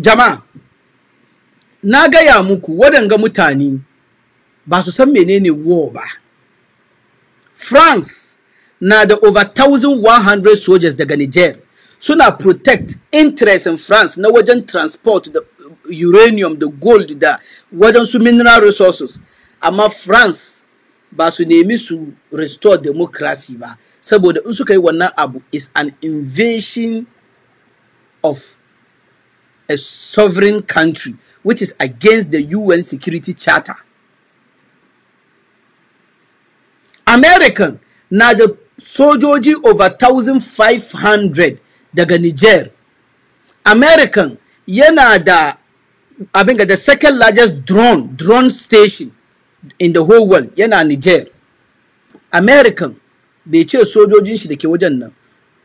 jama'a na gaya muku waɗanga mutane ba su san menene war ba france na da over 1100 soldiers daga niger suna protect interest in france na wajen transport da uranium da gold da wajen su mineral resources amma france ba su nemi su restore democracy ba saboda in suka yi wannan abu is an invasion of a sovereign country, which is against the UN Security Charter. American na da sojoji over 1,500 daga Niger. American yana da abin ga the second largest drone drone station in the whole world yana Niger. American bai ce sojojin shi da ke wajen nan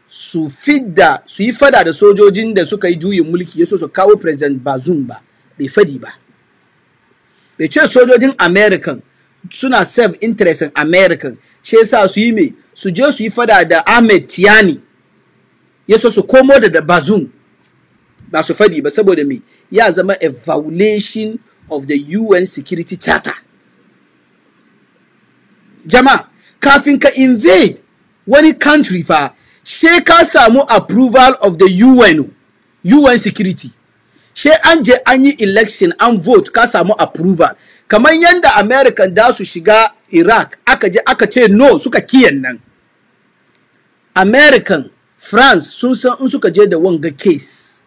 su fidda su yi fada da sojojin da suka yi juyin mulki ya su kawo president bazoum ba bai fadi ba bai ce sojojin american suna self interest in american shi yasa su yi mai su je su yi fada da ahmed tiani ya su komo da da bazoum ba su fadi ba saboda me ya zama a violation of the un security charter jama'a kafin ka invade wani country fa she ka samu approval of the UN UN security she an je an yi election an vote ka samu approval kamar yadda American da su shiga Iraq aka je aka ce no suka kiyan nan American France sun san in suka je da wanga case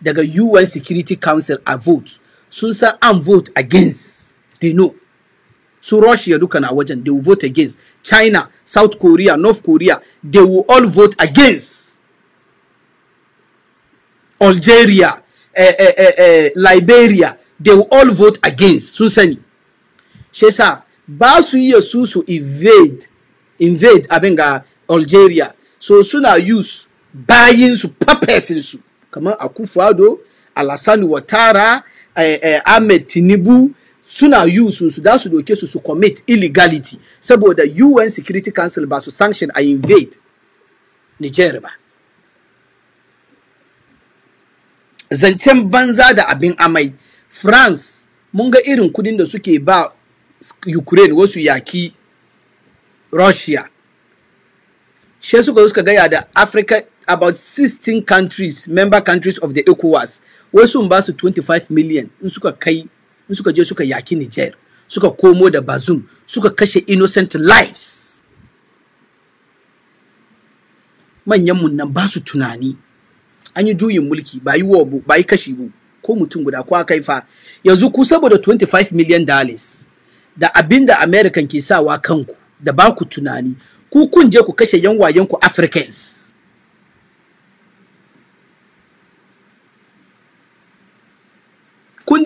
daga UN Security Council a vote sun san an vote against they know su russia duka na wajen they will vote against china south korea north korea they will all vote against algeria eh, eh, eh, eh, liberia they will all vote against su sani shi sa ba su iya su su invade invade abin ga algeria so suna use buying su puppets su kamar akufado alassani watara eh, eh, ahmed tinubu suna yusu su da su doke su su commit illegality saboda UN Security Council ba su sanction a invade Niger ba. Zancen banza da abin amai, France mun ga irin kudin da suke ba Ukraine wasu yaki Russia. She suka suka gaya da Africa about 16 countries, member countries of the ECOWAS, wasu ba su 25 million in suka kai in suka je suka yaki Niger suka komo da bazum, suka kashe innocent lives manyan mun nan ba su tunani an yi juyin mulki ba yi ba yi kashi bu ko mutum guda ko aka fa yanzu ku saboda 25 million dollars da abinda American ke sawa kanku da ba ku tunani ku kun je ku kashe yan wayen ku Africans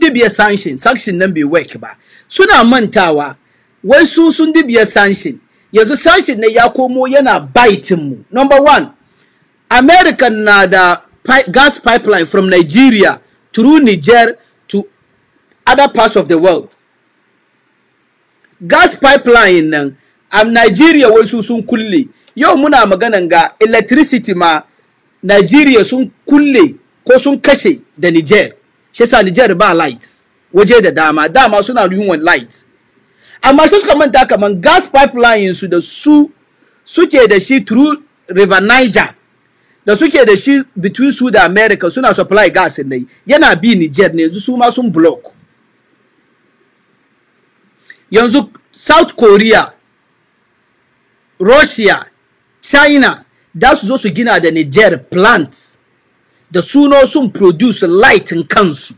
dibiya sanction sanction nan bai work ba suna mantawa wai su sun dibiya sanction yanzu sanction ne ya komo yana biting mu number one america na da pi gas pipeline from nigeria through niger to other parts of the world gas pipeline nan a nigeria wai su sun kulle yau muna maganan ga electricity ma nigeria sun kulle ko sun kashe da niger shi yasa Niger ba light waje da dama dama suna yiwon light amma su suka manta kaman gas pipeline su da su suke da shi through river Niger da suke da shi between su da America suna supply gas ne yana bi Niger ne yanzu su ma sun block yanzu South Korea Russia China da su zo su gina da Niger plants da suno sun produce light in kansu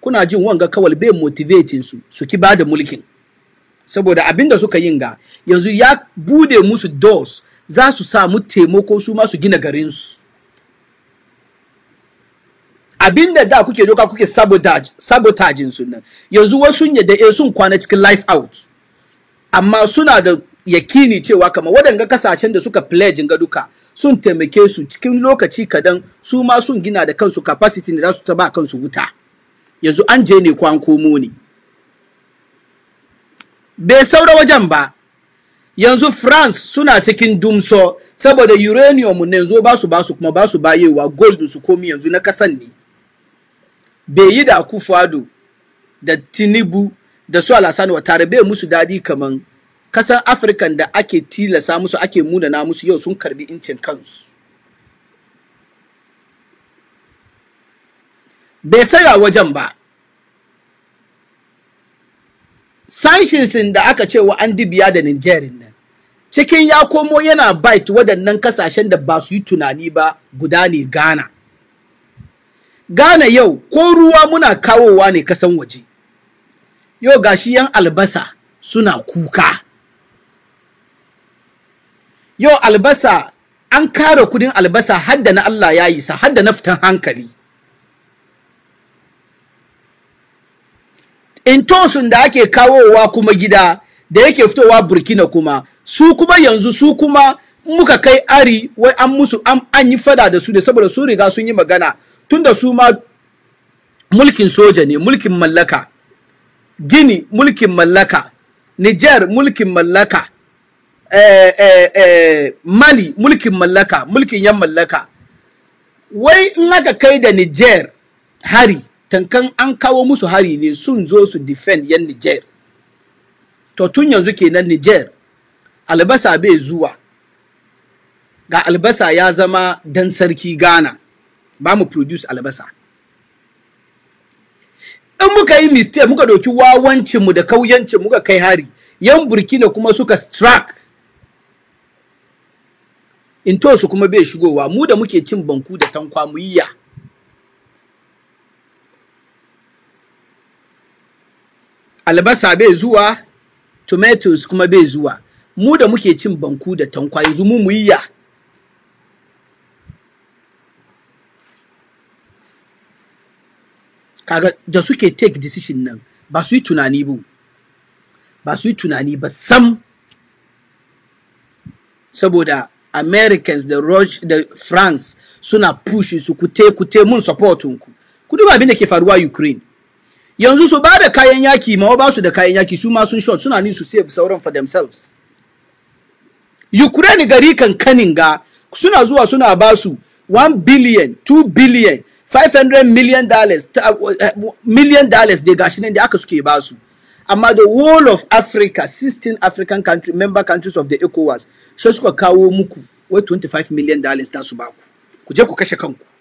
kuna jin wanga kawal bai motivating su su ki bada mulkin saboda abinda suka yin ga yanzu ya bude musu doors za su samu taimako su ma su gina garinsu abin da da kuke doka kuke sabotage sabotage nan yanzu wasu yadda eh sun kwana cikin lights out amma suna da yakini cewa kamar waɗanga kasashen da suka pledge ga duka sun taimake su cikin lokaci kadan su ma sun gina da kansu capacity da za su ta ba kansu wuta yanzu an je ne ko an komo ne bai saura wajen ba yanzu france suna cikin dumso saboda uranium ne yanzu ba su ba su kuma ba su bayewa gold su komi yanzu na kasan ne bai yi da akufado da tinubu da su alasani wa tare bai musu dadi kaman kasar afirkan da ake tilasa musu ake munana musu yau sun karbi incin kansu bai saya wajen ba sanshinsin da aka ce wa an dibiya da nijerin nan cikin ya komo yana bait waɗannan kasashen da ba su yi tunani ba guda ne ghana ghana yau ko ruwa muna kawowa ne kasan waje yau gashi yan albasa suna kuka yau albasa an kare kudin albasa hadda na Allah ya yi sa hadda na fitan hankali intosun da ake kawowa kuma gida da yake fitowa burkina kuma su kuma yanzu su kuma muka kai ari wai an musu an yi fada da su ne saboda su riga sun yi magana tunda su ma mulkin soja ne mulkin mallaka gini mulkin mallaka niger mulkin mallaka Eh, eh, eh, mali mulkin mallaka mulkin yan mallaka wai in aka kai da niger hari tankan an kawo musu hari ne sun zo su defend yan niger to tun yanzu kenan niger albasa bai zuwa ga albasa ya zama dan sarki ghana ba mu produce albasa in muka yi mistake muka ɗauki wawancinmu da kauyancin muka kai hari yan burkina kuma suka strike intosu kuma bai shigowa mu da muke cin banku da tankwa mu yiya albasa bai zuwa tomatoes kuma bai zuwa mu da muke cin banku da tankwa yanzu mu mu yiya kaga da suke take decision nan ba su yi tunani ba ba su yi tunani ba sam saboda americans da rush da france suna push su kute kute mun support ku ku duba abin da ke faruwa ukraine yanzu su bada kayan yaki ma ba su da kayan yaki su ma sun short suna ni su save sauran for themselves ukraine gari kan ga suna zuwa suna ba su 1 billion 2 billion 500 million dollars eh, million dollars gashi nan da aka suke ba su amma the whole of africa 16 african country, member countries of the ecowas sai suka kawo muku wai 25 million dollars da su baku ku je ku kashe kanku